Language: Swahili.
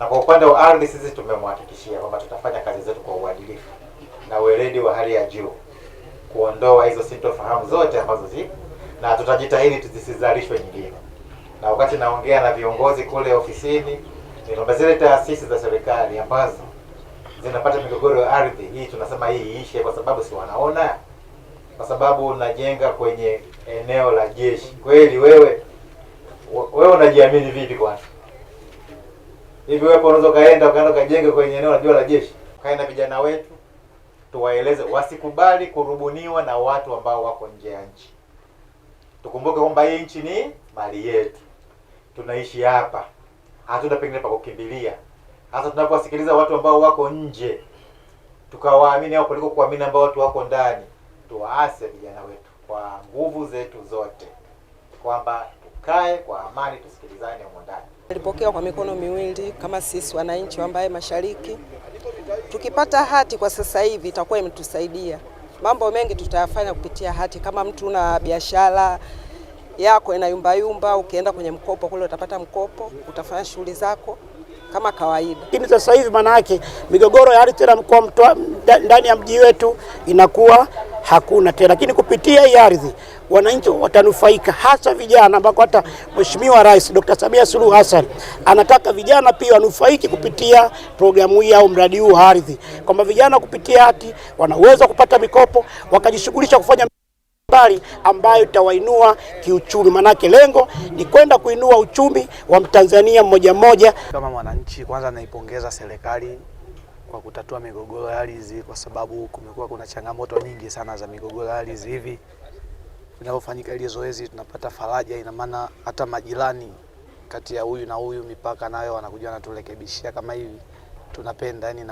Na kwa upande wa ardhi, sisi tumemhakikishia kwamba tutafanya kazi zetu kwa uadilifu na weledi wa hali ya juu kuondoa hizo sintofahamu zote ambazo zipo na tutajitahidi zisizalishwe nyingine. Na wakati naongea na viongozi kule ofisini, niliomba zile taasisi za serikali ambazo zinapata migogoro ya ardhi hii, tunasema hii iishe, kwa sababu si wanaona, kwa sababu unajenga kwenye eneo la jeshi. Kweli wewe wewe unajiamini vipi kwanza? hivi wewe unaweza kaenda ukaenda kajenga kwenye eneo la jua la jeshi, kae vijana wetu, tuwaeleze wasikubali kurubuniwa na watu ambao wako nje ya nchi. Tukumbuke kwamba hii nchi ni mali yetu, tunaishi hapa, hatuna pengine pa kukimbilia. Hasa tunapowasikiliza watu ambao wako nje, tukawaamini hao kuliko kuamini ambao watu wako ndani. Tuwaase vijana wetu kwa nguvu zetu zote, kwamba tukae kwa amani, tusikilizane huko ndani. Nilipokea kwa mikono miwili kama sisi wananchi wa Mbae Mashariki. Tukipata hati kwa sasa hivi itakuwa imetusaidia mambo mengi, tutayafanya kupitia hati. Kama mtu na biashara yako ina yumba yumba, ukienda kwenye mkopo kule utapata mkopo, utafanya shughuli zako kama kawaida. Lakini sasa hivi maana yake migogoro ya ardhi tena mkoa ndani ya mji wetu inakuwa hakuna tena, lakini kupitia hii ardhi wananchi watanufaika, hasa vijana, ambako hata Mheshimiwa Rais Dr. Samia Suluhu Hassan anataka vijana pia wanufaiki kupitia programu hii au mradi huu wa ardhi, kwamba vijana kupitia hati wanaweza kupata mikopo wakajishughulisha kufanya mbali ambayo itawainua kiuchumi, manake lengo ni kwenda kuinua uchumi wa Mtanzania mmoja mmoja. Kama mwananchi, kwanza naipongeza serikali kwa kutatua migogoro ya ardhi, kwa sababu kumekuwa kuna changamoto nyingi sana za migogoro ya ardhi hivi linalofanyika ile zoezi, tunapata faraja. Ina maana hata majirani kati ya huyu na huyu mipaka nayo wanakuja wanaturekebishia kama hivi, tunapenda yani